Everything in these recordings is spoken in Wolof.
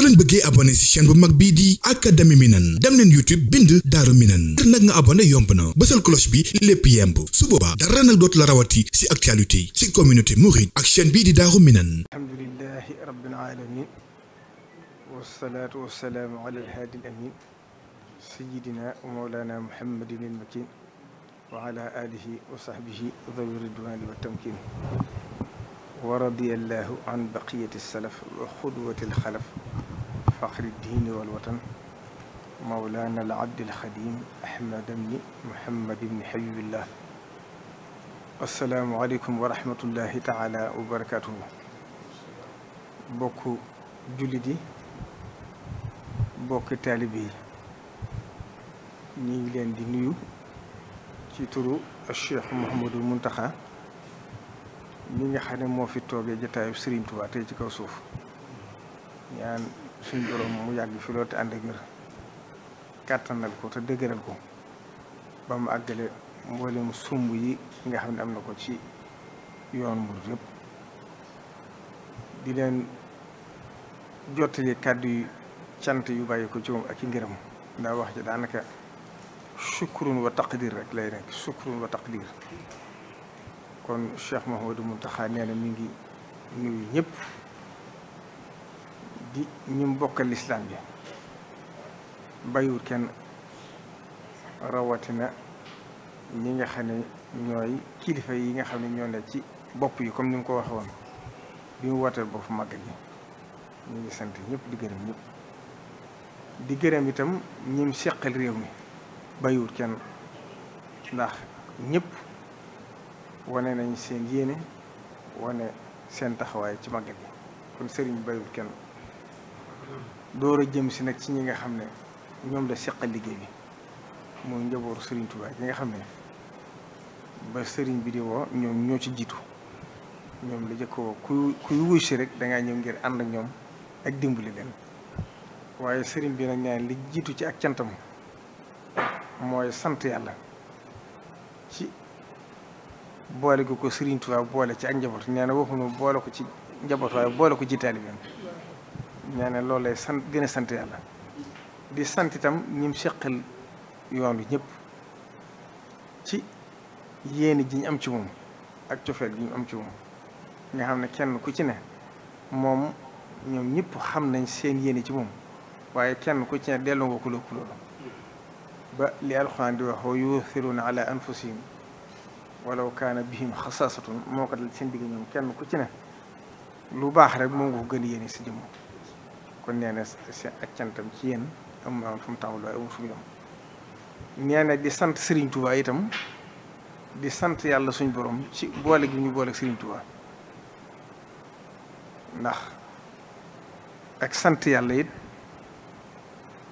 soo leen bëggee abonné ci chaîne bu mag bii di académie Minane dem leen YouTube bind Daaru Minane ngir nag nga abonné yomb na bësal cloche bi lépp yemb su boobaa dara nag dootu la rawati ci actualité ci communauté mouride ak chaîne bii di Daaru Minane alhamdulillahi rabbil alamin wassalaatu wassalaamu ala alhaadi alamin sayyidina wa mawlana muhammadin almakin wa ala alihi wa sahbihi dhawi ridwani wa tamkin wa radiyallahu an baqiyati salaf wa xudwati alxalaf faqri diini wal watan mawlaana al abdil xadim ahmad ibni muhammad ibni habibillah assalaamu aleykum wa rahmatullahi taala wa bokk jullit yi bokk taalibe yi ñu ngi leen di nuyu ci turu Cheikh Mouhamadou Mountakha ñi nga moo fi toogee jataayu Serigne Touba ci kaw suuf suñ borom mu yàgg fi loolu te ànd ak wér kàttanal ko te dëgëral ko ba mu àggale mboolem sumb yi nga xam ne am na ko ci yoon mu yëpp di leen jottali kàddu yu cant yu bàyyi ko ci moom ak i ngërëm ndaa wax ji daanaka sukkurun wa diir rek lay nekk sukkurun wa taqdir kon Cheikh Mouhamadou Mountakha nee na mi ngi nuyu ñëpp di ñu bokkal lislaam bi bàyyiwul kenn rawatina ñi nga xam ne ñooy kilifa yi nga xam ne ñoo ne ci bopp yi comme ni mu ko waxee woon bi mu wooteel boppu màgg bi ñu ngi sant ñëpp di gërëm ñëpp di gërëm itam ñim seqal réew mi bàyyiwul kenn ndax ñëpp wane nañ seen yéene wane seen taxawaay ci màgg bi kon sëriñ bàyyiwul kenn door a jëm si nag ci ñi nga xam ne ñoom la seqal liggéey bi mooy njabootu Serigne Touba ñi nga xam ne ba Serigne bi di woo ñoom ñoo ci jiitu ñoom la jëkk woo kuy wuy si rek dangay ñëw ngir ànd ñoom ak dimbali leen waaye sëriñ bi nag ñaan li jiitu ci ak cantam mooy sant yàlla ci boole gu ko Serigne Touba boole ci ak njaboot nee na waxuñu boole ko ci njaboot waaye boole ko ci taalibeem nee na loolu lay sant gën a sant yàlla di sant itam ñim seqal yoon wi ñëpp ci yéene ji am ci moom ak cofeel ji ñu am ci moom nga xam ne kenn ku ci ne moom ñoom ñëpp xam nañ seen yéene ci moom waaye kenn ku ci ne delloo nga ku loolu ba li alxuraan di wax wa yuuthiruuna ala anfusihim walaw kaana bihim xasaasatun moo ko dal seen digg ñoom kenn ku ci ne lu baax rek moom nga ko gën a yéene si jëmm kon nee na ak ci yéen am na fu mu tàmbali waaye amul fu mu yem di sant Serigne Touba itam di sant yàlla suñ borom ci boole gi ñu boole Serigne Touba ndax ak sant yàlla it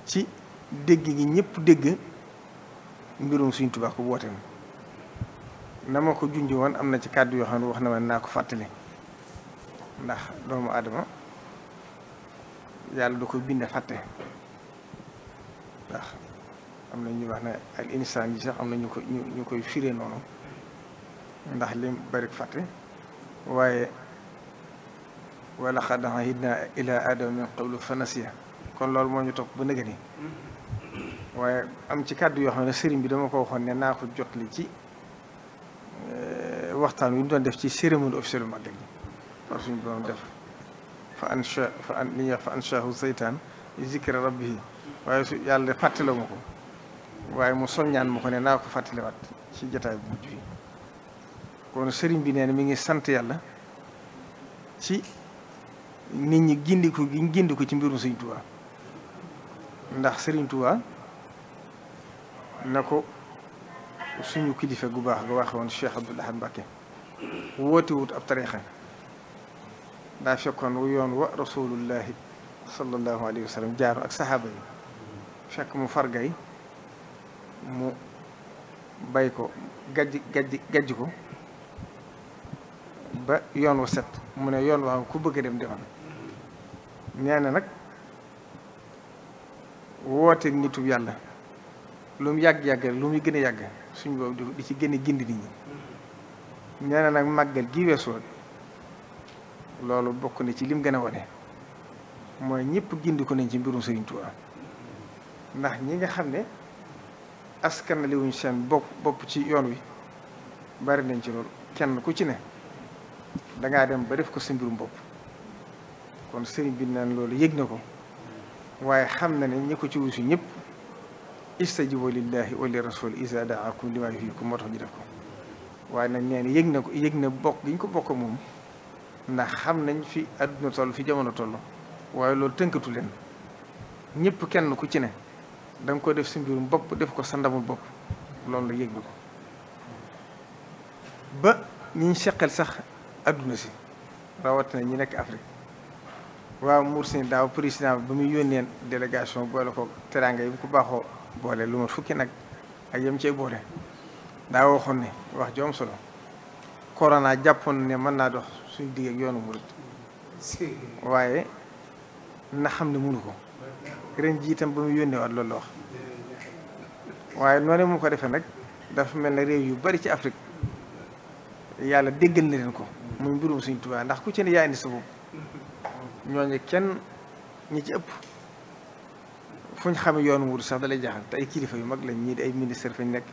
ci dégg gi ñëpp dégg mbirum Serigne Touba ko wooteem na ma ko junj woon am na ci kàddu yoo xam ne wax na ma naa ko fàttali ndax doomu aadama yàlla du ko bind fàtte ndax am na ñu wax ne al insaan yi sax am na ñu koy firé noonu ndax lim bari fàtte waaye wala xad ahidna ila adama min qablu fa kon loolu moo ñu topp ba nëgëni waaye am ci kàddu yoo xam ne sëriñ bi dama ko waxoon ne naa ko jot li ci eh, waxtaan wi ñu doon def ci cérémonie officielle bu mag bi war suñu doon def fa ansha fa an li ñuy wax fa anshaahu seytaan li zikra rabbihi waaye su yàlla fàttaloo ma ko waaye mu soññaan ma ko ne naa ko fàttaliwaat ci jataay bu mujj bi kon sëriñ bi nee mi ngi sant yàlla ci nit ñi gindiku gi ñu gindiku ci mbirum sëriñ Tuubaa ndax sëriñ Tuubaa na ko suñu kilifa gu baax nga waxe woon Cheikh Abdoul Ahad Mbacké woote wut ab tariixa daa fekkoon wu yoon wa rasulullahi sallallahu alayhi wa ak saxaaba yi fekk mu fargay mu bay ko gajj gajj gajj ko ba yoon wa set mu ne yoon waa ku bëgg a dem demal nee na nag woote nitu yàlla lu mu yàgg-yàgg lu muy gën a yàgg suñu boobu di ci gën a gindi nit ñi nee na nag màggal gi weesu loolu bokk na ci lim gën a wane mooy ñëpp ko nañ ci mbirum Serigne Touba ndax ñi nga xam ne askan li wuñ seen bopp bopp ci yoon wi bari nañ ci loolu kenn ku ci ne danga dem ba def ko sa mbirum bopp kon sëriñ bi naan loolu yëg na ko waaye xam na ne ñu ko ci wusu ñëpp istajibu lillahi wa li rasul isa daakum lima yuhyikum moo tax ñu def ko waaye nag nee na yëg na ko yëg na bokk gi ñu ko bokk moom ndax xam nañ fi àdduna toll fi jamono toll waaye loolu tënkatu leen ñëpp kenn ku ci ne danga nga ko def si mbirum bopp def ko sa ndamul bopp loolu la yëg bi ko ba ñi seqal sax àdduna si na ñi nekk Afrique waaw Moursin daaw président ba muy yónneen délégation boole ko teraanga yi bu baaxoo boole lu ma fukki nag ak yam cee boole daa waxoon ne wax ju am solo corona jàppoon ne mën naa dox suñu digg ak yoonu murit waaye na xam ne mënu ko ren ji ba mu yónnee waat loolu wax waaye noonu mu ko defee nag dafa mel ne réew yu bari ci Afrique yàlla déggal na leen ko muy mbirum suñu Tuubaa ndax ku ci ne yaa indi sa bopp ñooñu kenn ñi ci ëpp fu ñu xamee yoonu murit sax dalay jaaxal te ay kilifa yu mag lañ ñii di ay ministère fañ nekk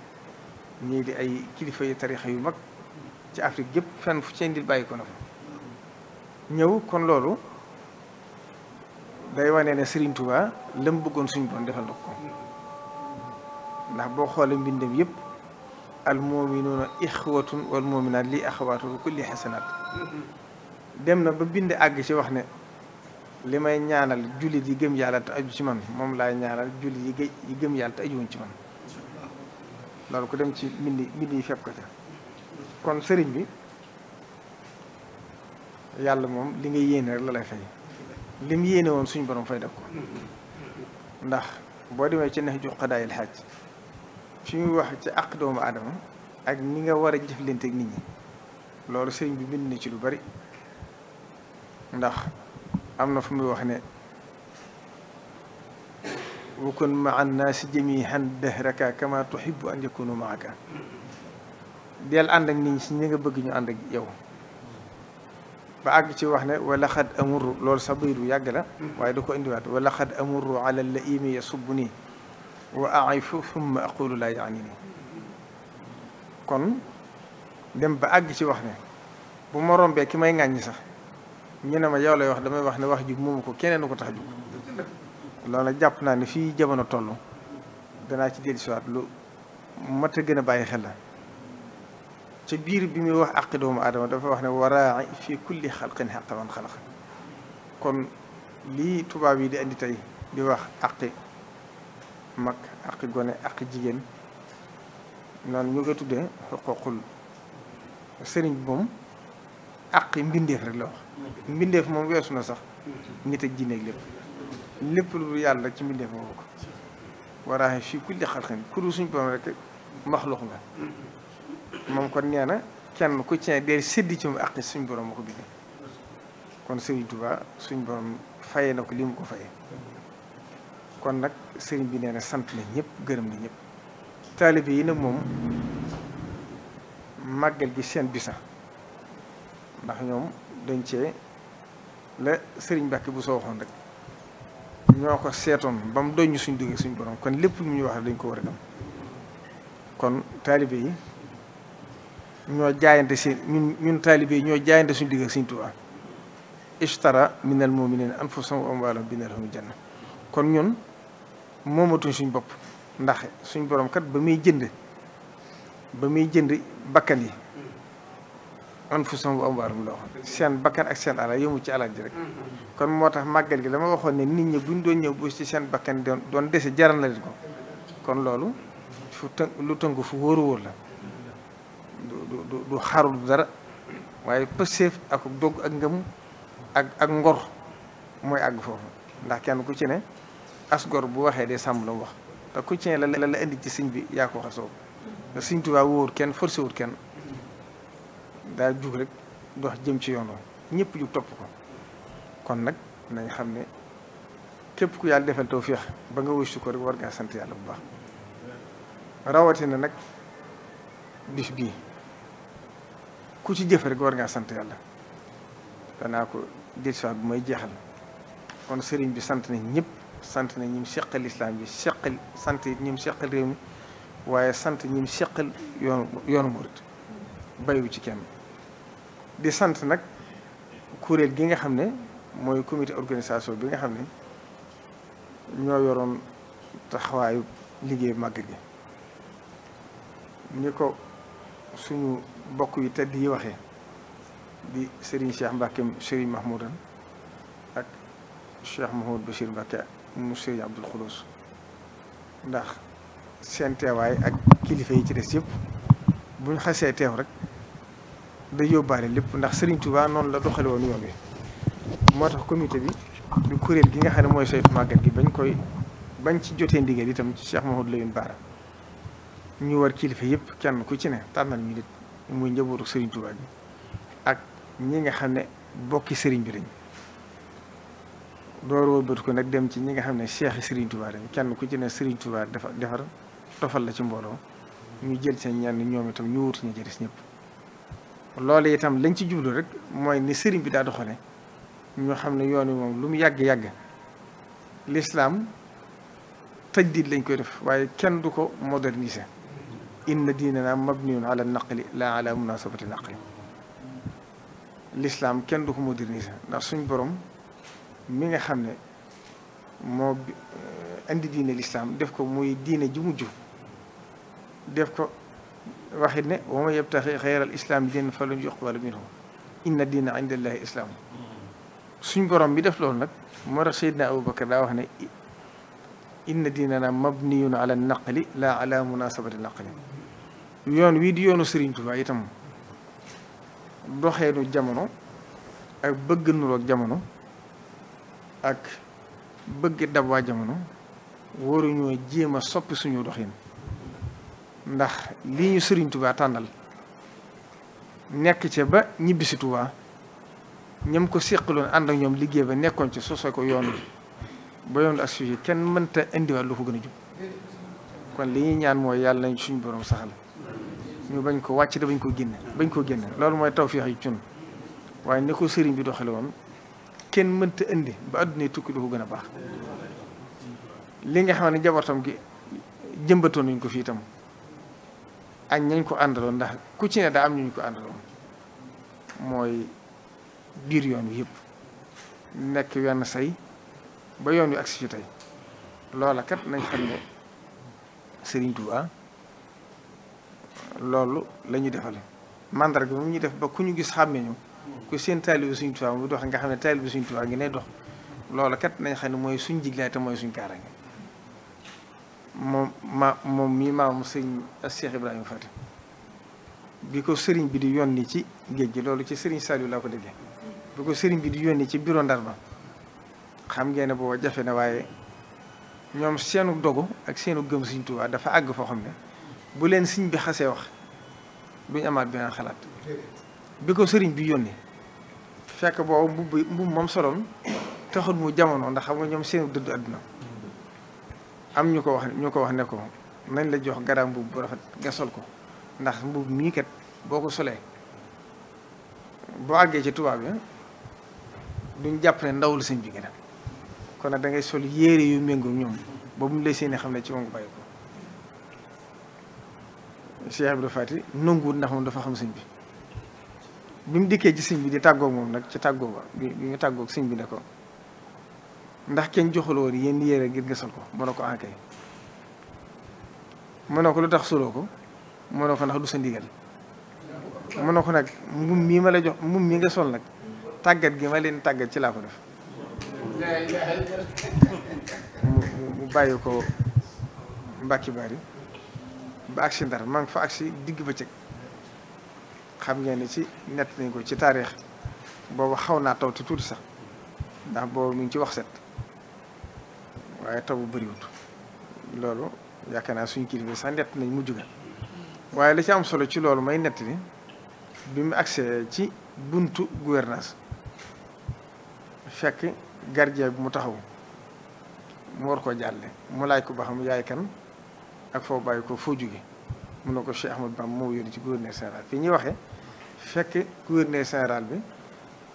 ñii di ay kilifa yu tarixa yu mag ci Afrique yëpp fenn fu ci indi bàyyi ko na fa ñëw kon loolu day wane ne Serigne Touba la mu bëggoon suñu boon defal na ko ndax boo xoolee mbindam yëpp al muminuuna ixwatun wal muminaat lii axawaatu bi kulli xasanaat dem na ba bind àgg ci wax ne li may ñaanal jullit yi gëm yàlla te aju ci man moom laay ñaanal jullit yi yi gëm yàlla te ajuwuñ ci man loolu ko dem ci mbind mbind yi fepp ko ca kon sëriñ bi yàlla moom li nga yéene rek la lay fay lim yéene woon suñ borom fay def ko ndax boo demee ci nex ju xadaayil xaaj wax ci àq doomu aadama ak ni nga war a jëflante ak nit ñi loolu sëriñ bi bind na ci lu bari ndax am na fu muy wax ne wa kun maa annaasi jamiihan dahraka kama tuhibbu an yakunu maaka del ànd ak nit ñi si ñi nga bëgg ñu ànd ak yow ba àgg ci wax ne wala xad amurru loolu sa bayit bu yàgg la waaye da ko indiwaat wala xad amurru ala la imi yasubbu nii wa aifu thumma aqulu laa yaani nii kon dem ba àgg ci wax ne bu ma rombee ki may ŋàññi sax ñu ne ma yow lay wax damay wax ne wax ji moomu ko keneen ko tax jug loolu jàpp naa ne fii jamono toll danaa ci dellusiwaat lu mat a gën a bàyyi xel la ci biir bi muy wax àqi doomu aadama dafa wax ne waraaci fi kulli xalqin xaqa man lii tubaab yi di andi tey di wax mag àqi gone àqi jigéen noonu ñu koy tuddee xuququl bi moom àqi mbindeef rek la moom weesu na sax nit ak jinne ak lépp lépp lu yàlla ci mbindeef moo ko waraaci fi kulli kuru suñ borom rek maxluq nga moom kon nee na kenn ku ci ne deel séddi ci mu àq suñ borom ma ko bind kon Serigne Touba suñ borom fayee na ko li mu ko fayee kon nag Serigne bi nee na sant na ñëpp gërëm na ñëpp. taalibe yi nag moom màggal gi seen bisa ndax ñoom dañ cee la sëriñ Mbacke bu soo waxoon rek ñoo ko seetoon ba mu doññ suñ duggee suñ borom kon lépp lu ñuy wax dañ ko war a gëm kon taalibe yi. ñoo jaayante si ñun ñun taalibe yi ñoo jaayante suñu digg ak Sëriñ Tuubaa ishtara minal mu'minina anfusahum wa amwaalahum bi anna lahumul janna kon ñun moomatuñ suñu bopp ndax suñu borom kat ba muy jënd ba muy jënd bakkan yi anfusahum wa amwaalahum la waxoon seen bakkan ak seen alal yëmu ci alal ji rek kon moo tax màggal gi dama waxoon ne nit ñi buñ doon ñëw bu ci seen bakkan doon doon dese jaral na leen ko kon loolu fu tënk lu tënk fu wóoru wóor la du du xaarul dara waaye pëseef ak dogg ak ngëm ak ak ngor mooy àgg foofu ndax kenn ku ci ne as bu waxee dee sàmm la mu wax te ku ci ne la la indi ci siñ bi yaa ko wax a soobu te sëñ wóor kenn forcé wut kenn daa jug rek dox jëm ci yoon ñëpp jug topp ko kon nag nañ xam ne képp ku yàlla defal tawfeex ba nga wëstu ko rek war ngaa sant yàlla bu baax rawatina nag bis bii ku ci jëf rek war ngaa sant yàlla danaa ko dellusiwaat bu may jeexal kon sëriñ bi sant nañ ñëpp sant nañ ñim seqal islam bi seqal sant ñim seqal réew mi waaye sant ñim seqal yoon yoonu murit bayu ci kenn di sant nag kuréel gi nga xam ne mooy commité organisation bi nga xam ne ñoo yoroon taxawaayu liggéey màgg gi ni ko suñu bokk yu tedd yi waxee di Serigne Cheikh Mbacke Serigne Mahmoudan ak Cheikh Mahmoud Bachir Mbacke mu Serigne Abdoul Khoudous ndax seen teewaay ak kilifa yi ci des yëpp bu ñu xasee teew rek day yóbbaale lépp ndax Serigne Touba noonu la doxale woon yoon moo tax comité bi du kuréel gi nga xam ne mooy saytu màgget gi bañ koy bañ ci jotee ndigal itam ci Cheikh Mahmoud Layun ñu war kilifa yëpp kenn ku ci ne tànnal ñu nit muy njabootu Serigne Touba bi ak ñi nga xam ne bokki sëriñ bi lañ door wëlbatu ko nag dem ci ñi nga xam ne seexi Serigne Touba lañ kenn ku ci ne Serigne Touba defar defar tofal la ci mbooloo ñu jël seen ñenn ñoom itam ñu wutu ñu jëriñ ñëpp. loolu itam lañ ci jublu rek mooy ni sëriñ bi daa doxale ñoo xam ne yoon wi moom lu mu yàgg yàgg l'islam tajdiid lañ koy def waaye kenn du ko moderniser. inna diinana mabniyun ala naqli laa ala munasabati naqli l'islam kenn du ko moderniser ndax suñ borom mi nga xam ne moo eh, indi diine l'islam def ko muy diine ji def ko waxit ne wa man yabtaxi xayral islaami diinan falan yuqbala minhu inna diina inda llaahi islaam suñ borom bi def loolu nag moo tax Seydina Aboubacar daa wax ne inna diinana mabniyun ala naqli laa ala munasabati naqli yoon wii di yoonu Serigne Touba itam doxeenu jamono ak bëgg nuroog jamono ak bëgg dab waa jamono waruñoo jéem a soppi suñu doxin ndax lii ñu Serigne Touba tànnal nekk ce ba ñibbisi Touba ñam ko séqaloon ànd ak ñoom liggéey ba nekkoon ci sosoo ko yoon wi ba yoon ak kenn mënta indiwaat lu ko gën a jub kon li ñuy ñaan mooy yàlla nañ suñu borom saxal. ñu bañ ko wàcc da bañ koo génne bañ koo génne loolu mooy taw tawfeex yi cun waaye ni ko sëriñ bi doxale woon kenn mënta indi ba àdduna tukki du ko gën a baax li nga xam ne njabootam gi jëmbatoon nañ ko fii tam ak ñañ ko àndaloon ndax ku ci am ñu ñu ko àndaloon mooy biir yoon wi yëpp nekk wenn say ba yoon wi agsi fi tey loola kat nañ xam ne Sëriñ loolu la ñuy defal mandarga moom ñuy def ba ku ñu gis xàmmee ñu ku seen taalibu Sëriñ Tuubaa mu dox nga xam ne taalibu Sëriñ Tuubaa ngi ne dox loolu kat nañ xam ne mooy suñ jiglaay mooy suñ kaaraange moom ma moom mii maam sëñ Cheikh Ibrahima Faty bi ko sëriñ bi di yónni ci géej gi loolu ci sëriñ Saliou laa ko déggee bi ko sëriñ bi di yónni ci bureau Ndar ba xam ngeen ne booba jafe na waaye ñoom seenu dogu ak seenu gëm Sëriñ Tuubaa dafa àgg foo xam ne bu leen sëñ bi xasee wax duñ amaat beneen xalaat bi ko sëriñ bi yónnee fekk boobu mbubb mbubb moom soloon taxul mu jamono ndax xam nga ñoom seen dëdd àdduna am ñu ko wax ñu ko wax ne ko nañ la jox garaam mbubb bu rafet nga sol ko ndax mbubb mii kat boo ko solee boo àggee ci tubaab yi duñ jàpp ne ndawul sëñ bi gën a kon nag da ngay sol yére yu méngoo ñoom ba mu lay seeni xam ne ci moom bàyyi bi Ibrahima Fati nanguwul ndax moom dafa xam sëñ bi bi mu dikkee ci siñ bi di tàggoo moom nag ci tàggoo ba bi mu tàggoog sëñ bi ne ko ndax kenn joxul woon yéen yére ngir nga ko mën na ko encay ah, mën na ko lu tax soloo ko mën na ko ndax du sa ndigal mën na ko nag mbubb mii ma la jox mbubb mii nga sol nag tàggat gi ma leen tàggat ci laa ko def mu bàyyi ko mbàkki bari ba agsi Ndar maa ngi fa agsi digg bëccëg xam nga ni ci nett nañ ko ci taarix boobu xaw naa taw te tuuti sax ndax boobu mu ngi ci wax set waaye taw bu loolu yaakaar naa suñ kilifa sax nett nañ mu ga waaye li ci am solo ci loolu may nett ni bi mu agsee ci buntu gouvernance fekk gardien bi mu taxaw mu war koo jàlle mu laaj ko ba xam yaay kan ak foo bàyyi ko foo jóge mun na ko Cheikh Ahmadou Bamba moo yónni ci gouverneur général fi ñuy waxee fekk gouverneur général bi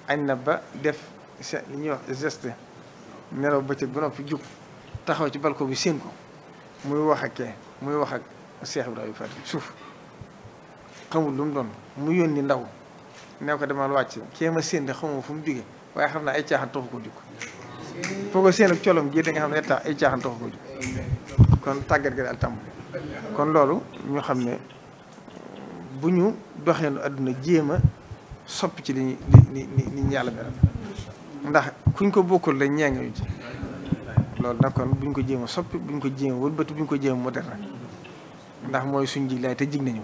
añ na ba def li ñuy wax geste nelaw bëccëg ba noppi jub taxaw ci balko bi séen ko muy wax ak kee muy wax ak Cheikh Ibrahima Fall suuf xamul lu mu doon mu yónni ndaw ne ko demal wàcc kee ma séen de xamoo fu mu jugee waaye xam naa ay caaxaan taxu ko jóg foo ko séen ak colom gii da xam ne ay caaxaan taxu ko jóg kon tàggat gi daal tàmbali kon loolu ñu xam ne bu ñu doxee nu àdduna jéem a soppi ci li ñu li li ñu yàlla beral ndax kuñ ko bokkul la ñeenga yu ci loolu nag kon buñ ko jéem a soppi buñ ko jéem a wëlbati buñ ko jéem a moderne ndax mooy suñ ji te jig nañu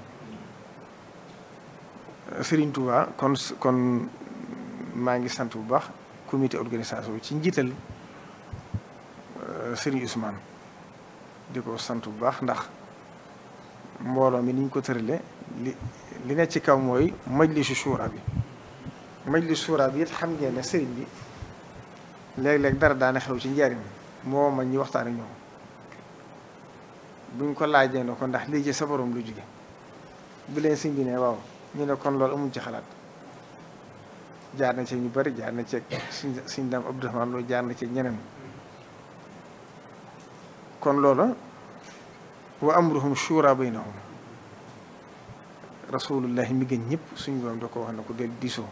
Serigne Touba kon kon maa ngi sant bu baax comité organisation bi ci njiital euh, Serigne Ousmane di ko sant bu baax ndax mbooloo mi ni ñu ko tërale li li ne ci kaw mooy majlisu suura bi majlisu suura bi it xam ngeen ne sëriñ bi léeg-léeg dara daana xew ci njariñ moo ma ñi waxtaan ak ñoom buñ ko laajee ne ko ndax lii ci sa borom lu jóge bu leen sëñ bi ne waaw ñu ne kon loolu amuñ ci xalaat jaar na ci ñu bari jaar na ci suñ suñ dam Abdourahmane loolu jaar na ci ñeneen kon loola wa amruhum shura baynahum rasulullahi mi gën ñëpp suñ borom da ko wax na ko del diisoo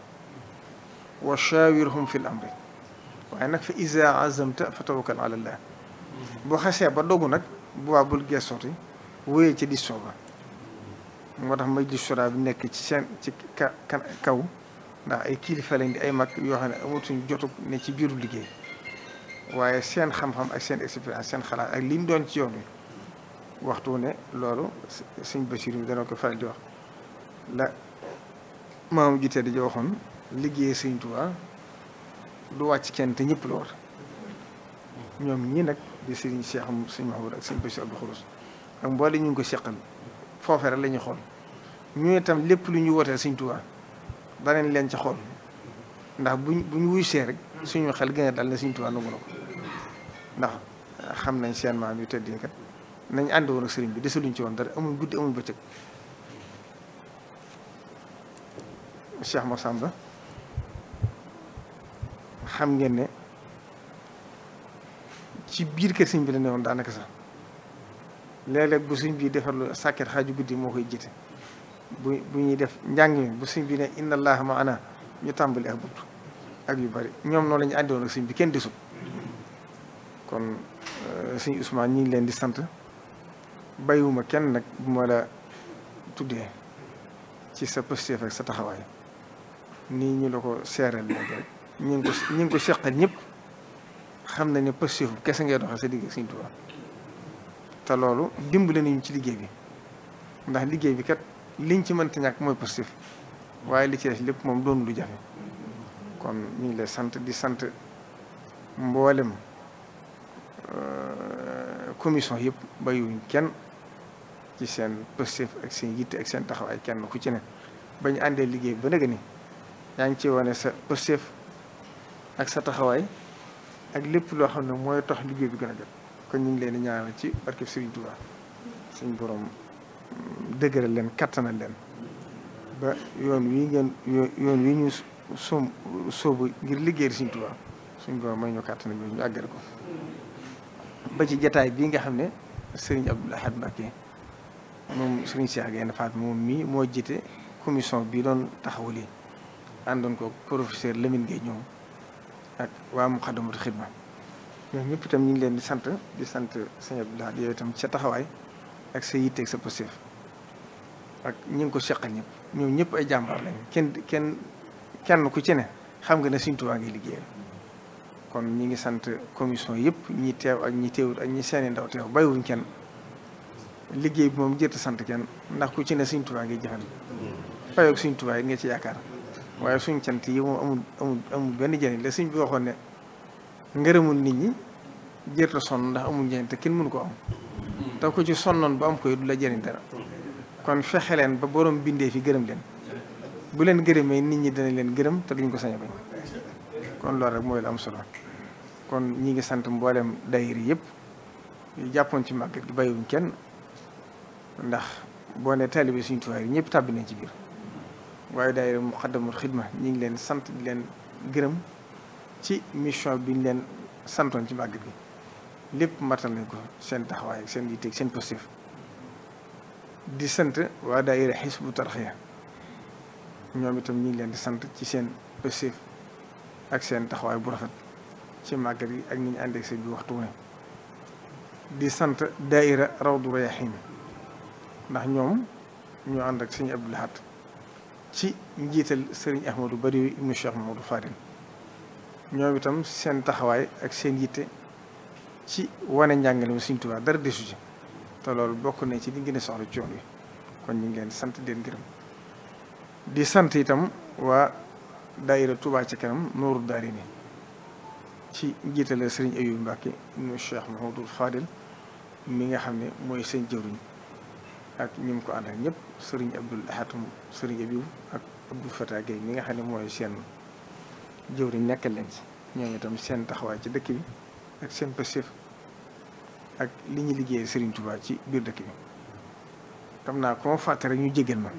wa shawirhum fi l amri waaye nag fa iza azamta fa tawakkal ala boo xasee ba dogu nag bu baa bul geesooti wéyee ca diisoo ba moo tax majlis shura bi nekk ci seen ci ka kaw ndax ay kilifa lañ di ay mag yoo xam ne amatuñ jotug ne ci biiru liggéey waaye seen xam-xam ak seen expérience seen xalaat ak liñ doon ci yoon wi waxtu ne loolu sëñ Basiru dana ko faral di wax la maamu te di waxoon liggéey sëñ Tuubaa du wàcc kenn te ñëpp la ñoom ñii nag di sëriñ Cheikh sëñ Mahamoud ak sëñ Basiru Abdou Xurus ak mboole ñu ko seqal foofee rek la ñu xool ñu itam lépp lu ñu wootee sëñ Tuubaa danañ leen ci xool ndax buñ buñ wuysee rek suñu xel gën a dal ne Sëriñ Tuubaa nangu na ko ndax xam nañ seen maam yu tëdd yi kat nañ ànd woon ak sëriñ bi desaluñ ci woon dara amuñ guddi amuñ bëccëg Cheikh Massamba xam ngeen ne ci biir kër sëriñ bi la ne woon daanaka sax léeg-léeg bu sëriñ bi defar sàkket xaaju guddi moo koy jite bu bu ñuy def njàng mi bu sëriñ bi ne inna allaha maana ñu tàmbali ak bunt ak yu bari ñoom noonu la ñu àndiwoon bi kenn desut kon euh, sëñ Ousmane ñi ngi leen di sant bàyyiwuma kenn nag bu ma la tuddee ci sa positif ak sa taxawaay nii ñu la ko seeral léegi rek ñu ngi ko ñu ngi seqal ñëpp xam na ne positif bu kese ngay doxee sa digg ak sëñ te loolu dimbale nañu ci liggéey bi ndax liggéey bi kat liñ ci mën mënta ñàkk mooy positif waaye li ci des lépp moom doon lu jafe. kon ñu ngi lay sant di sant mboolem euh, commission yëpp bayuñ kenn ci seen pëstef ak seen yitte ak seen taxawaay kenn ku ci ne ba ñu àndee liggéey ba léegi ni yaa ngi ci wane sa pëstef ak sa taxawaay ak lépp loo xam ne mooy tax liggéey bi gën a jot kon ñu ngi leen di ñaanal ci barkeb Sëriñ Tuubaa suñ borom mm, dëgëral leen kattanal leen ba yoon wi ngeen yoon wi ñu soom soobu ngir liggéeyal Sëriñ Tuubaa suñ borom may ñu kàttan ak ñu àggale ko ba ci jataay bii nga xam ne sëriñ Abdoul Ahad Mbacké moom sëriñ Cheikh Gaïndé Fatma moom mii moo jiite commission bi doon taxawal yi àndoon ko professeur Lamine Gueye ñoom ak waa Muqaddamatul Xidma ñoom ñëpp itam ñu ngi leen di sant di sant sëñ Abdoul Ahad yooyu itam sa taxawaay ak sa yitteeg sa positif ak ñu ngi ko seqal ñëpp ñoom ñëpp ay jàmbaar lañ kenn kenn kenn ku ci ne xam nga ne Sëriñ Tuubaa ngi liggéeyal kon ñu ngi sant commission yëpp ñi teew ak ñi teewut ak ñi seeni ndaw teew bàyyiwuñ kenn liggéey bi moom jërta sant kenn ndax ku ci ne Sëriñ ngi jëfal payoog yi nga ci yaakaar waaye suñ cant yi moom amul amul amul benn jëriñ la suñ bi waxoon ne ngërëmul nit ñi jërta sonn ndax amul njëriñ te kenn mënu ko am te ko ci sonnoon ba am koy du la jëriñ dara kon fexe leen ba borom bindee fi gërëm leen bu leen gërëmee nit ñi dana leen gërëm te duñ ko sañ a bañ kon loolu rek mooy la am solo kon ñi ngi sant mboolem dayiri yëpp yu jàppoon ci màggal gi bàyyiwuñ kenn ndax boo ne taalibe suñu Tuubaa yi ñëpp tàbbi nañ ci biir waaye daayira Muqaddamatul Xidma ñi ngi leen sant leen gërëm ci mission bi leen santoon ci màggal gi lépp matal nañ ko seen taxawaay seen yitteeg seen positif di sant waa daayira Hizbut Tarqiyyah ñoom itam ñu ngi leen di sant ci seen ak seen taxawaay bu rafet ci màggal yi ak ni ñu àndeeg bi waxtu di sant daaira Rawdu Rayaahiin ndax ñoom ñoo ànd ak ci njiital sëriñ Ahmadou Bari ibnu Cheikh Mamadou Fadil ñoom itam seen taxawaay ak seen yitte ci wane njàngale mi sëñ Tuubaa dara desu ci te loolu bokk na ci li gën soxla ci yoon wi kon ñu ngi leen sant di leen gërëm. di sant itam waa daayira tubaa ci kanam Nuuru Daarayni ci njiitale sëriñ Ayub Mbàkke nu Cheikh Mahamadul Fadil mi nga xam ne mooy seen jëwriñ ak ñim ko ànd ñëpp sëriñ Abdul Ahatum sëriñ Ayub ak Abdul Fatah Gueye mi nga xam ne mooy seen jëwriñ nekkal leen ci ñoom itam seen taxawaay ci dëkk bi ak seen pastéef ak li ñu liggéeyee sëriñ Touba ci biir dëkk bi xam naa ko ma ñu jégal ma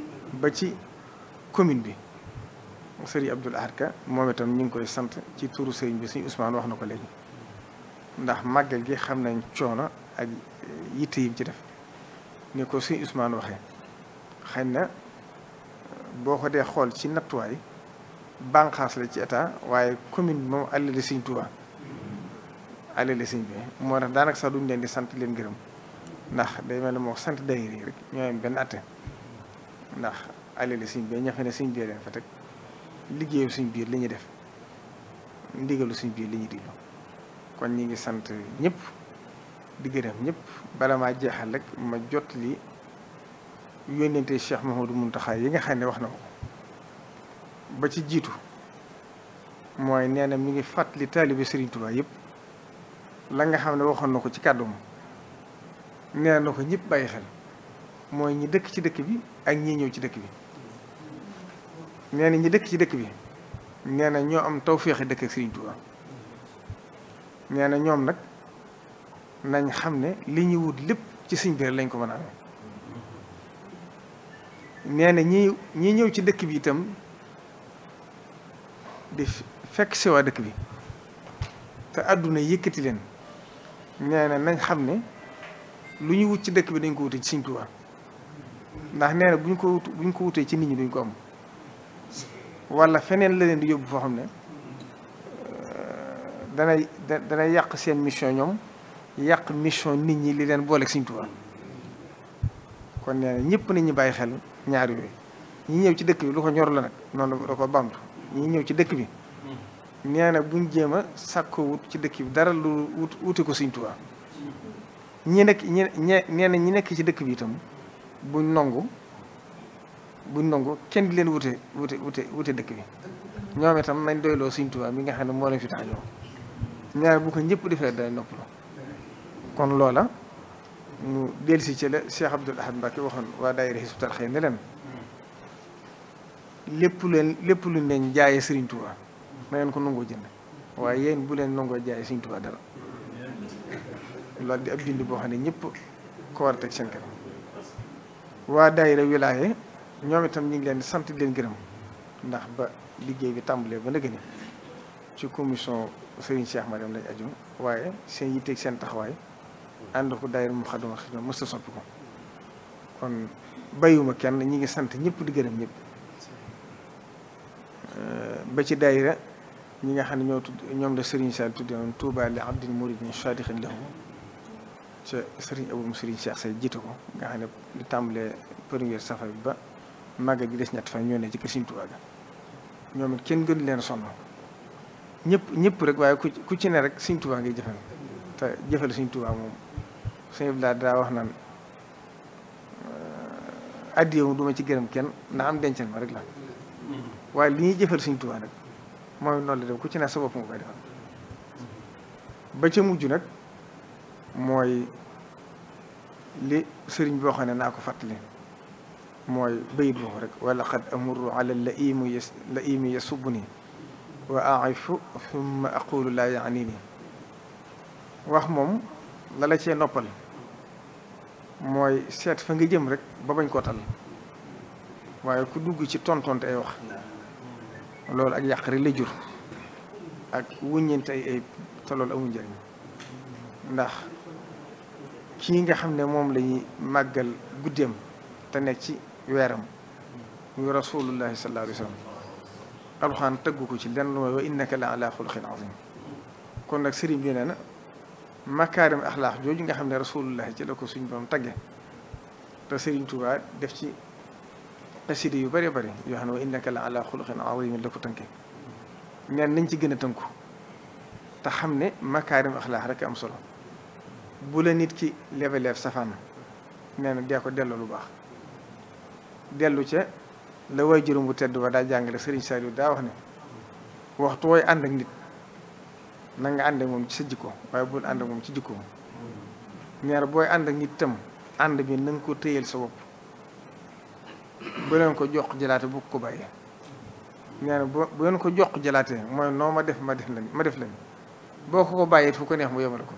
commune bi sëriñ Abdoul Ahad Ka moom itam ñu ngi koy sant ci turu sëriñ bi suñu Ousmane wax na ko léegi ndax màggal gi xam nañ coono ak yitte yim ci def ni ko suñu usmaan waxe xëy na boo ko dee xool ci nattuwaay bànqaas la ci état waaye commune bi moom àllale sëriñ Tuubaa àllale sëriñ bi moo tax daanaka sax duñ leen di sant leen gërëm ndax day mel ne moo sant daayira rek ñoo am benn atte ndax alali suñ bi ñafe ne suñ bi leen fa suñ biir li ñuy def ndigalu suñ biir li ñuy diglu kon ñi ngi sant ñëpp di ñépp ñëpp bala maa jeexal rek ma jot li yónnente Cheikh Mouhamadou Mountakha yi nga xam ne wax na ko ba ci jiitu mooy nee na mi ngi fàttali taalibe Serigne Touba yëpp la nga xam ne waxoon na ko ci kàddu nee na ko ñëpp bàyyi xel mooy ñi dëkk ci dëkk bi ak ñii ñëw ci dëkk bi nee na ñi dëkk ci dëkk bi nee na ñoo am tawféex dëkk ak Sëriñ Tuubaa nee na ñoom nag nañ xam ne li ñuy wut lépp ci sëñ biir lañ ko man a amee nee na ñi ñi ñëw ci dëkk bi itam di fekk si dëkk bi te àdduna yékkati leen nee na nañ xam ne lu ñu wut ci dëkk bi dañ ko wute ci Sëriñ Tuubaa ndax nee na bu ñu ko wut bu ñu ko wutee ci nit ñi duñ ko am. wala feneen la leen di yóbbu foo xam ne euh, danay danay yàq seen mission ñoom yàq mission nit ñi li leen booleeg Sëriñ Tuubaa kon nee na ñëpp nañu bàyyi xel ñaar yooyu ñi ñëw ci dëkk bi lu ko ñor la nag noonu la ko bamtu ñi ñëw ci dëkk bi nee na buñ jéem a sàkkoo wut ci dëkk bi dara lu wuti ko Sëriñ Tuubaa ñi nekk ñi ñe nee na ñi nekk ci dëkk bi itam buñ nongu buñ nangu kenn di leen wute wute wute wute dëkk bi ñoom itam nañ doyloo Sëriñ Tuubaa mi nga xam ne moo leen fi tax ñaar bu ko ñépp defee day noppalu kon loola ñu dellusi ci la Cheikh Abdoul Ahad Mbacké waxoon waa daayira Hizbut Tarqiyyah ne leen lépp leen lépp luñ leen jaayee Sëriñ Tuubaa na ngeen ko nangoo jënd waaye yéen bu leen nangoo jaayee Sëriñ Tuubaa dara loolu di ab bind boo xam ne ñëpp ko war a teg seen kanam waa daayira wilaaye ñoom itam ñu ngi leen di sant di leen gërëm ndax ba liggéey bi tàmbalee ba nëgëni ci commission Serigne Cheikh Mariam lañ aju waaye seen yitteeg seen taxawaay ànd ko daayira mu xaduma xidma mës a soppi ko kon bàyyiwuma kenn ñu ngi sant ñëpp di gërëm ñëpp euh, ba ci daayira ñu nga xam ne ñoo tudd ñoom la Serigne Sall tuddee woon Touba li abdin muridin sadiqin lahu ca Serigne Abou Serigne Cheikh say jiite ko nga xam ne li tàmbalee première safar bi ba màggal gi des ñett fan ñoo ne ci kër Sëriñ Tuubaa ga ñoom it kenn gënu leen sonn ñëpp ñëpp rek waaye ku ci ne rek Sëriñ Tuubaa ngay jëfal te jëfal moom sëñ bi daa wax na addiyewu duma ci gërëm kenn na am dencal ma rek la waaye li ñuy jëfal Sëriñ Tuubaa nag mooy noonu la def ku ci ne sa bopp nga defal ba ca mujj nag mooy li sëriñ boo xam ne naa ko fàttali mooy bayit boobu rek wala xad amuru ala la imu yas la imu yasubbu nii wa aifu summa aqulu laa yaani nii wax moom la la cee noppal mooy seet fa nga jëm rek ba bañ koo tal waaye ku dugg ci tontonte ay wax loolu ak yàq la jur ak wuññeente ay ay te loolu amul njëriñ ndax kii nga xam ne moom lañuy màggal guddeem te nekk ci weeram muy rasulullahi sallallahu alayhi wa alxaan tëggu ko ci lenn lu mooy wa innaka la ala xuluqin azim kon nag sëriñ bi nee na makaarim axlaax jooju nga xam ne rasulullahi ci la ko suñ borom tagge te sëriñ Tuubaa def ci xasida yu bëree bëri yoo xam ne wa innaka la ala xuluqin azim la ko tënke ñaan nañ ci gën a tënku te xam ne makaarim axlaax rek am solo bu la nit ki lebeleef safaan nee na dee ko delloo lu baax dellu ca la way juróom bu tedd ba daa jàngale Serigne Saliou daa wax ne waxtu ànd ak nit na nga ànd ak moom ci sa jikko waaye bul ànd moom ci jikko booy ànd nit tam ànd bi na nga ko sa bopp bu leen ko jox jëlaate bu ko bàyyi ñaar bu leen ko jox jëlaate mooy noo ma def ma def la ma def la boo ko ko bàyyee fu ko neex mu yemale ko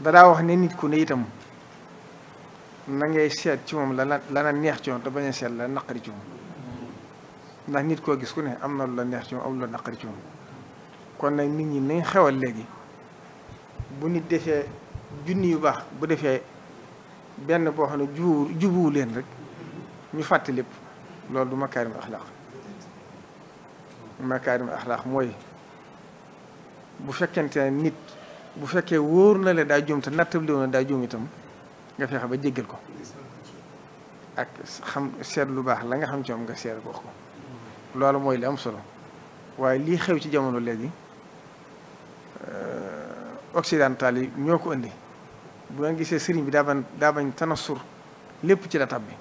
dadaa wax ne nit ku ne itam na ngay seet ci moom la la neex ci moom te bañ a seet la naqari ci moom ndax nit koo gis ku ne am na lu la neex ci moom am lu la naqari ci moom kon nag nit ñi nañ xewal léegi bu nit defee junni yu baax bu defee benn boo xam ne jubuwu leen rek ñu fàtte lépp loolu du ma axlaaq makaarim axlaaq mooy bu fekkente nit bu fekkee wóor na la daa jom te nattable na daa juum itam nga fexe ba jéggal ko ak xam seet lu baax la nga xam ci moom nga seet wax ko loolu mooy li am solo waaye lii xew ci jamono léegi euh, occidental yi ñoo ko indi bu nga gisee sëriñ bi daa bañ daa bañ lépp ci la tab bi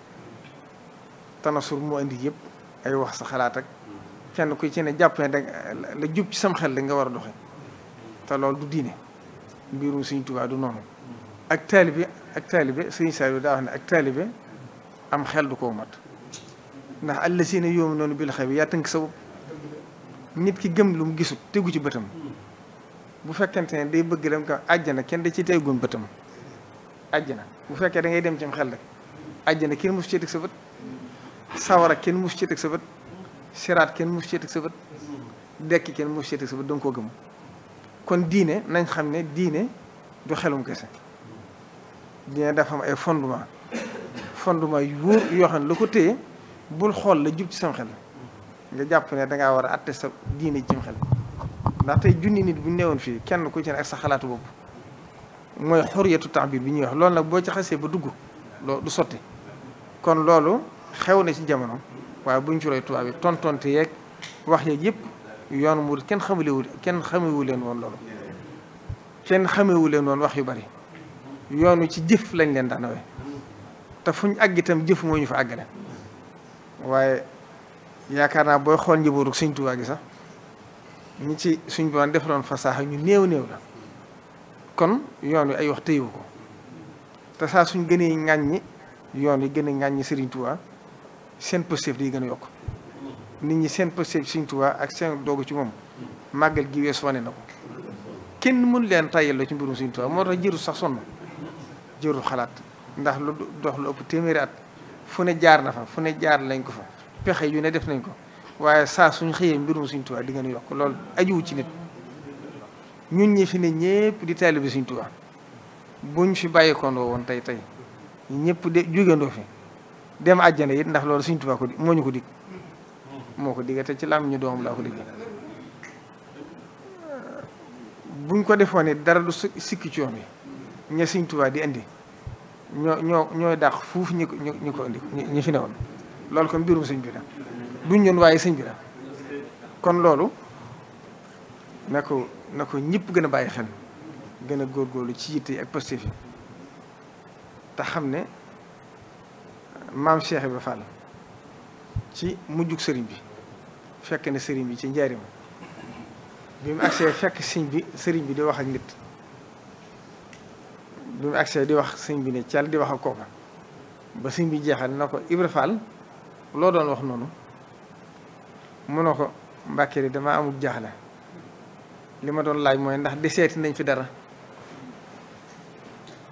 tanasur moo indi yépp ay wax sa xalaat ak kenn ku ci ne jàpp ne da la jub ci sam xel da nga war a doxe te loolu du diine mbirum Sëriñ Tuubaa du noonu ak taalibe ak taalibe sëñ Saliou daa wax ne ak taalibe am xel du ko mat ndax allazina yu'minuna bil ghaybi yaa tënk sa bopp nit ki gëm lu mu gisul tegu ci bëtam bu fekkente ne day bëgg dem ka àjjana kenn da ci teguñ bëtam àjjana bu fekkee da ngay dem ci xel rek àjjana kenn mus ci teg sa bët sawara kenn mus ci teg sa bët kenn mus ci teg dekk kenn mus ci teg sa bët da koo gëm kon diine nañ xam ne diine du xelum kese dina dafa am ay fondement fondement yu wóor yoo xam ne la ko téye bul xool la jub ci sam xel nga jàpp ne dangaa war a atte sa diine ci xel ndax junni nit bu ñu newoon fii kenn ku ci ne ak sa xalaatu bopp mooy xor xoriyatu taabir bi ñuy wax loolu nag boo ci xasee ba dugg loolu du sotti kon loolu xew na ci jamono waaye buñ ci roy tubaab yi tontonte yeeg wax yeeg yëpp yoon mu kenn xamulewul kenn xamewu leen woon loolu kenn xamewu leen woon wax yu bari yoon wi ci jëf lañ leen daan nawe te fuñ àgg itam jëf moo ñu fa àggale waaye yaakaar naa booy xool njëbooru Sëñ Tuubaa gi sax ñi ci suñ boon defaloon fasaaxa ñu néew néew la kon yoon wi ay wax tëyewu ko te saa suñ gënee ŋàññi yoon wi gën a ŋàññi Sëriñ Tuubaa seen pëstéef di gën a yokk nit ñi seen pëstéef Sëriñ Tuubaa ak seen doogu ci moom màggal gi wees wane na ko kenn mënu leen tàyyal la ci mbirum Sëriñ Tuubaa moo tax jëru sax sonn jërul xalaat ndax lu dox lu ëpp téeméeri at fu ne jaar na fa fu ne jaar lañ ko fa pexe yu ne def nañ ko waaye saa suñ xëyee mbirum suñ Tuubaa di ngeen yokk loolu ajuwu ci nit ñun ñi fi ne ñëpp di taalibe suñ Tuubaa buñ fi bàyyikondoo woon tey tey ñëpp de jógendoo fi dem àjjana it ndax loolu suñ Tuubaa ko moo ñu ko dig moo ko digga te ci làmm ñu doomam laa ko digg buñ ko defoon ne dara du sikki ci yoon bi ña Sëñ Tuubaa di indi ñoo ñoo ñooy dàq fuuf ñi ko ñi ko indi ñi fi newoon loolu kon mbirum sëñ bi la duñ ñun waaye sëñ bi la kon loolu na ko na ko ñëpp gën a bàyyi xel gën a góorgóorlu ci yitte yi ak positif yi te xam ne maam Cheikh Ibra Fall ci mujjug sëriñ bi fekk ne sëriñ bi ci njaarim bi mu agsee fekk sëñ bi sëriñ bi di wax ak nit bi mu agsee di wax sëñ bi ne cal di wax a kooka ba sëñ bi jeexal na ko Ibra Fall loo doon wax noonu mu ne ko Mbàkke yi damaa amul jaaxle li ma doon laaj mooy ndax di seeti nañ fi dara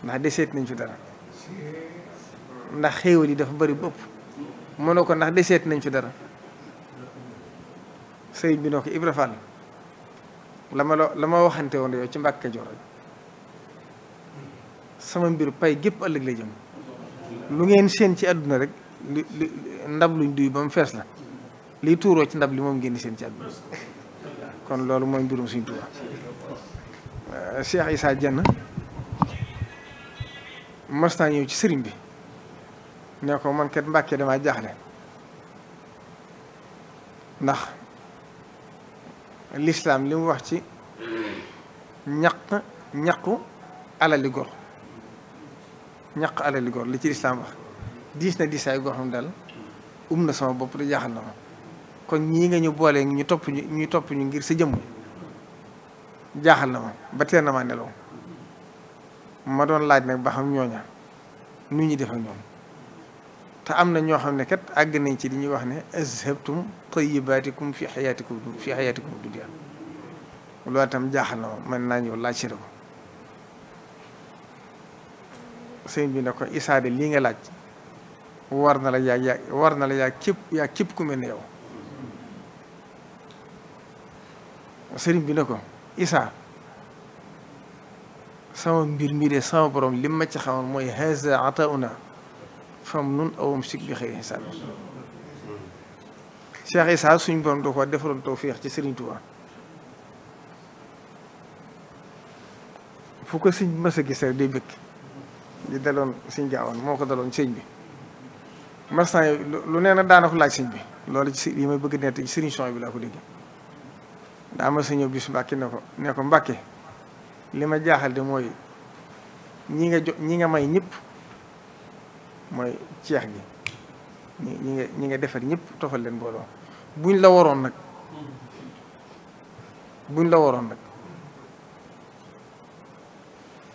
ndax di seeti nañ fi dara ndax xéewal yi dafa bari bopp mu ne ko ndax di nañ fi dara sëñ bi ne ko Ibra Fall la ma la la ma waxante woon yow ci Mbàkke Kajoor sama mbiru pay gépp ëllëg la jëm lu ngeen seen ci àdduna rek li li ndab luñ duy ba mu fees la liy tuuroo ci ndab li moom ngeen di seen ci àdduna kon loolu mooy mbirum suñ Tuubaa euh, Cheikh Issa Dieng mas naa ñëw ci sëriñ bi ne ko man kat Mbàkke damaa jaaxle ndax lislaam li mu wax ci ñaq ñaqu alali gor ñaq alali góor li ci lislaam wax diis na diisaay goo xam daal um na sama bopp di jaaxal na ma kon ñii nga ñu boolee ñu topp ñu ñu topp ñu ngir sa jëmm jaaxal na ma ba teel ma nelaw ma doon laaj nag ba xam ñooña nu ñu defee ak ñoom te am na ñoo xam ne kat àgg nañ ci li ñuy wax ne azhabtum tayyibatikum fi hayatikum fi hayatikum dunya loolu itam jaaxal na ma man naa ñëw laaj si ko sëñ bi ne ko Issa de lii nga laaj war na la yaa yaa yaa képp yaa képp ku mel ne sëriñ bi ne ko Issa sama mbir mi sama borom li ma ci xamoon mooy haza atauna fam nun awam sik bi xëy Issa suñ borom da ko defaroon tawfeex ci sëriñ Tuubaa fu ko sëñ mës a gis rek day bëgg li daloon sëñ Gaawaan moo ko daloon sëñ bi marsan lu nee na daana ko laaj sëñ bi loolu ci yi may bëgg nett ci sëriñ son bi laa ko dégg daa ma sëñoo bis Mbàkke ne ko ne ko Mbàkke li ma jaaxal de mooy ñi nga jo ñi nga may ñëpp mooy ceex gi ñi ñi nga ñi nga defar ñëpp tofal leen booloo buñ la waroon nag buñ la waroon nag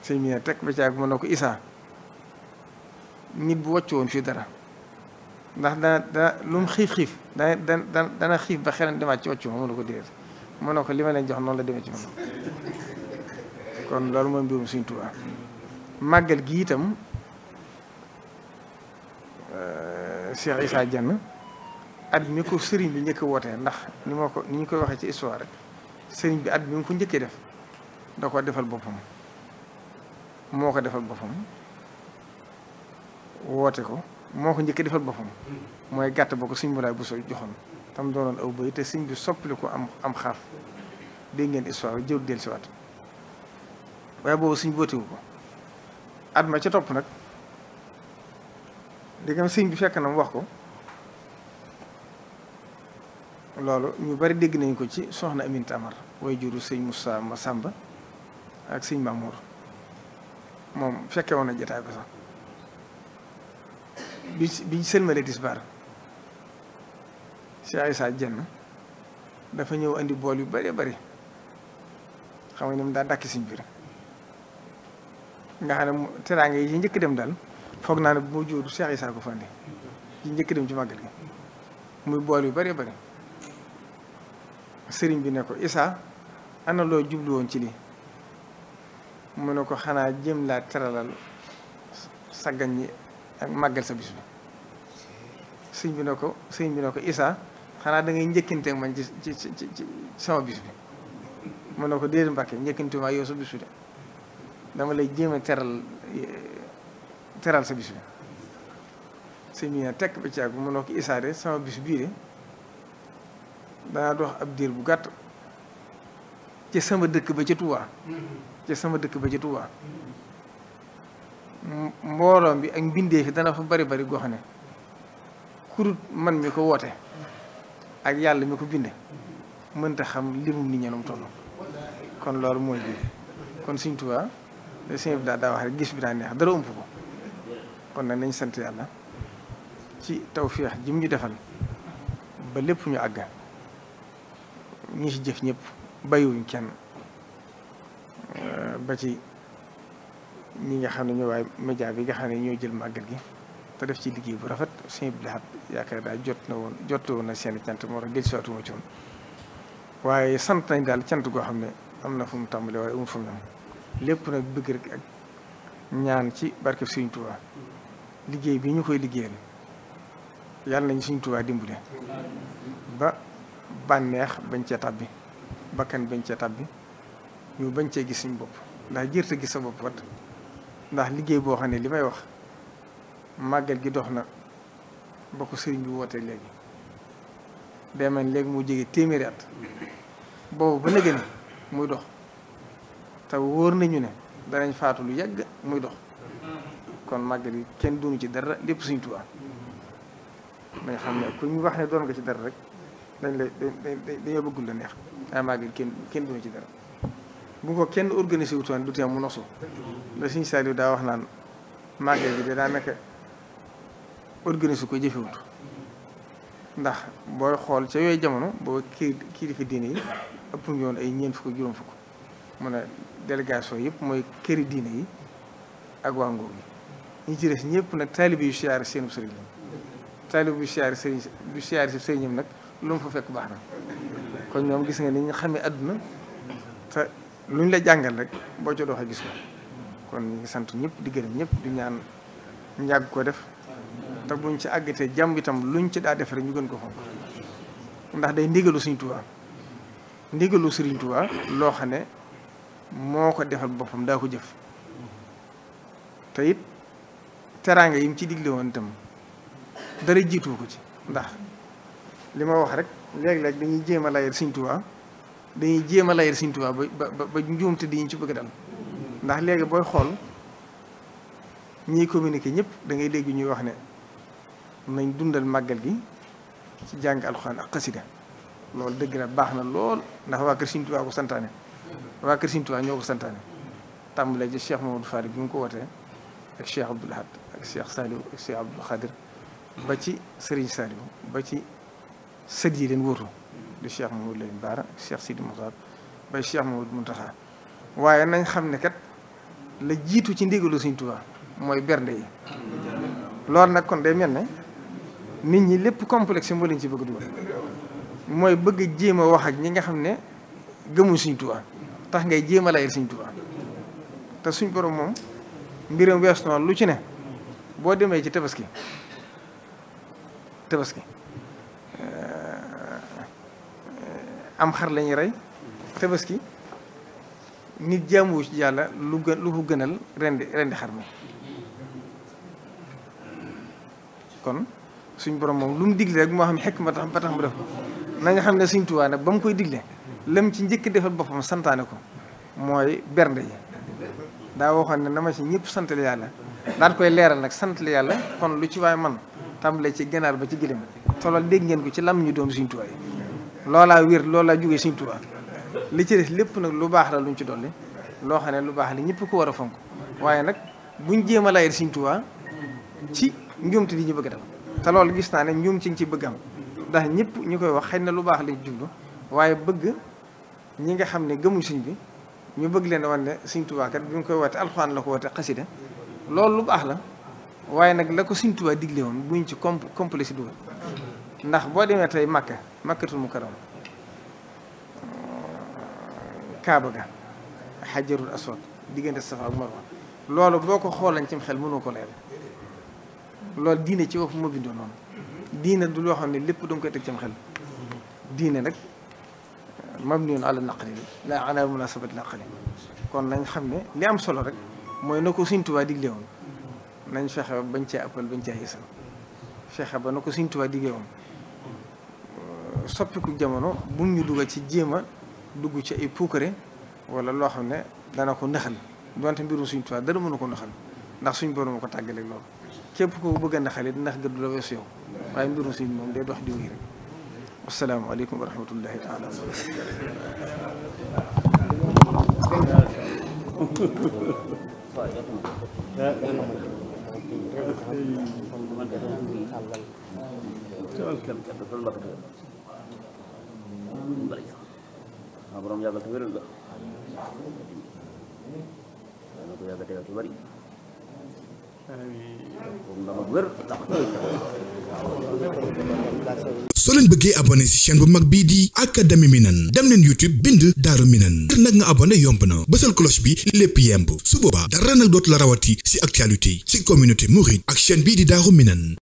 sëñ bi ne teg ba caag mën na ko isaa nit bu wàcce woon fii dara ndax da da lu mu xiif xiif dana dana dana xiif ba xelam demaat ci wàccu ma mënu ko déedéet mën na ko li ma jox noonu la demee ci man kon loolu mooy mbirum Sëriñ Tuubaa gi itam euh, Cheikh Issa Dieng at ko sëriñ bi njëkk wootee ndax ni ma ko ni ñu koy waxee ci histoire rek sëriñ bi at mi ngi ko njëkkee def da ko defal boppam moo ko defal boppam woote ko moo ko njëkk defal boppam mooy gàtt ba ko sëñ bu soo joxoon tam doonoon aw bëy te siñ bi soppali ko am am xaaf dégg ngeen histoire jëw del siwaat waaye boobu siñ bootewu ko at ma ca topp nag diggam siñ bi fekk na mu wax ko loolu ñu bari dégg nañu ko ci soxna Amin Tamar way juru sëñ Moussa sàmba ak sëñ Mamour moom fekkee woon na jotaay ba sax bi biñ sëlmale tisbaar si ay saa jenn dafa ñëw indi bool yu bëree bëri xam nga ñoom daa dàkki siñ biir nga xam ne teraanga yi njëkk dem daal foog naa ne bu ma jóoru Cheikh Issa ko fandi yi njëkk dem ci màggal gi muy bool yu bëree bëri sëriñ bi ne ko Issa ana loo jublu woon ci lii mu ne ko xanaa jëm laa teralal saggan ñi ak màggal sa bis bi sëñ bi ne ko sëñ bi ne ko Issa xanaa da ngay njëkkanteeg man ci ci ci ci sama bis bi mu ne ko déedéet Mbàkke njëkkantewuma yow sa bis bi dama lay jéem a teral teral sa bis bi sëñ bi ne tekk ba ci àgg mu ne ko Issa de sama bis bii de danaa dox ab diir bu gàtt ci sama dëkk ba ci Touba mm-hmm. ci sama dëkk ba ci Touba mbooloom bi ak mbindee fi dana fa bari bari goo xam ne kurut man mi ko woote ak yàlla mi ko binde mënta xam limum nit ñenum toll kon loolu mooy bi kon Sëñ Tuubaa sëñ bi daal daa wax rek gis bi daa neex dara ump ko kon nag nañ sant yàlla ci tawféex ji mu ñu defal ba lépp ñu àgg ñi ci jëf ñépp bàyyiwuñ kenn ba ci ñi nga xam ne ñoo média bi nga xam ne ñoo jël màggal gi te def ci liggéey bu rafet suñu bilaat yaakaar daal jot na woon jot woon na seen cant moo tax dellusiwaatuma ci woon waaye sant nañ daal cant goo xam ne am na fu mu tàmbalee waaye amul fu mu yem lépp nag bëgg rek ak ñaan ci barke Sëriñ Tuubaa liggéey bi ñu koy liggéeyal yàlla nañ Sëriñ Tuubaa dimbale ba bànneex bañ cee tàbbi bakkan bañ cee tàbbi ñu bañ cee gis suñu bopp ndax jërte gis sa bopp ndax liggéey boo xam ne li may wax màggal gi dox na bokk ko sëriñ bi wootee léegi day mel léegi moo jege téeméeri at boobu ba léegi muy dox te wóor nañu ne danañ faatu lu yàgg muy dox kon màggal gi kenn duñu ci dara lépp suñu Tuubaa dañ xam ne ku ñu wax ne doon nga ci dara rek dañ lay dañ dañoo bëggul la neex ay màggal kenn kenn duñu ci dara bu kenn organisé wutoon du tee mu nosu la Sëñ Saliou daa wax naan màggal gi daa nekk organisé ko jëfewut ndax boo xool ca yooyu jamono boo kii kii di fi diine yi ëpp ñoon ay ñeent fukk juróom fukk mun a délégation yëpp mooy këri diine yi ak waa nguur gi ñi ci des ñëpp nag taalibe yu siyaare seen sëriñ lañ taalibe yu bu siyaare si sëriñam nag lu mu fa fekk baax na kon ñoom gis nga ni ñu xamee àdduna lu ñu la jàngal rek boo ci doxee gis ko kon ñu ngi sant ñëpp di gërëm ñëpp di ñaan njàgg ko def te buñ ci àggatee jàmm itam luñ ci daa def ñu gën ko fonk ndax day ndigalu Sëriñ ndigalu Sëriñ loo xam ne moo ko defal boppam daa ko jëf te it teraanga yi mu ci digle woon itam dara jiitu ko ci ndax li ma wax rek léeg-léeg dañuy jéem a layal Sëriñ Tuubaa dañuy jéem a layal Sëriñ Tuubaa ba ba ba njuumte di ñu ci bëgg dal ndax léegi booy xool ñii communiqué ñëpp da ngay dégg ñuy wax ne nañ dundal màggal gi ci jàng alxuraan ak xasida loolu dëgg la baax na lool ndax waa kër Sëriñ Tuubaa ko santaane waa kër Sëriñ Tuubaa ñoo ko santaane tàmbalee ci Cheikh Mamadou Fall bi mu ko wootee ak Cheikh Abdoul ak Cheikh Saliou ak Cheikh Abdoul ba ci Serigne Saliou ba ci sët yi leen wóotu di Cheikh Mouhamadou Lamine Bara Cheikh Sidi Moussa bay Cheikh mu Mountakha waaye nañ xam ne kat la jiitu ci ndigalu Sëriñ Tuubaa mooy bernde yi loolu nag kon day mel ne nit ñi lépp complexe moo leen ci bëgg dugal mooy bëgg a jéem a wax ak ñi nga xam ne gëmuñ Sëriñ Tuubaa tax ngay jéema a layal Sëriñ te suñ borom moom mbiram wees noonu lu ci ne boo demee ci tabaski tabaski am xar la ñuy rey tabaski nit jaamuwu ci yàlla lu gë lu ko gënal rendi rendi xar mi kon suñ borom moom lu mu digle rek moo xam xekk ma tax ba tax mu def ko na xam ne suñ Tuubaa nag ba mu koy digle lam ci njëkk defal boppam santaane ko mooy bernde yi daa waxoon ne na ma ci ñëpp santal yàlla daal koy leeral nag santal yàlla kon lu ci waay man tàmbalee ci ganaar ba ci gëlëm tolal dégg ngeen ko ci lam ñu doom suñ Tuubaa loolaa wér laa jógee Sëriñ Tuubaa li ci des lépp nag lu baax la luñ ci dolli loo xam ne lu baax la ñëpp ko war a fonk waaye nag buñ jéem a layal Sëriñ ci njuumte di ñu bëgg a def te loolu gis naa ne njuum ci ci bëgg am ndax ñëpp ñu koy wax xëy na lu baax lañ jublu waaye bëgg ñi nga xam ne gëmul sëñ bi ñu bëgg leen wan ne Sëriñ Tuubaa kat bi mu koy woote alxuraan la ko woote xasida loolu lu baax la waaye nag la ko Sëriñ Tuubaa digle woon buñ ci comp complet si dugal ndax boo demee tey Màkka makkatul mukarram kaaba ga xajarul aswad diggante safa ak marwa loolu boo ko xoolan cim xel mënoo ko leer loolu diine ci bopp moo bindoo noonu diine du loo xam ne lépp danga koy teg cim xel diine nag mabniun ala naqli la ala munasabati naqli kon nañ xam ne li am solo rek mooy na ko Sëñ Tuubaa digle woon nañ fexe bañ cee appal bañ cee yësal fexe ba na ko Sëñ Tuubaa digle woon soppiku jamono bu ñu dugal ci jéema dugg ci ay puukare wala loo xam ne dana ko naxal donte mbirum suñu tubaab dara mënu ko naxal ndax suñ borom ko tàggaleeg loolu képp ko bëgg a naxal it ndax gëdd la weesu yow waaye mbirum suñ moom day dox di wéy rek lu bari ah borom yàggal te wéral ga waaw na ko yàgg tegal ci bari. soo leen bëggee abonné ci chaîne bu mag bii di académie Minane dem leen YouTube bind Daaru Minane ngir nag nga abonné yomb na bësal cloche bi lépp yemb su boobaa dara nag dootu la rawati ci actualité ci communauté mouride ak chaîne bii di Daaru Minane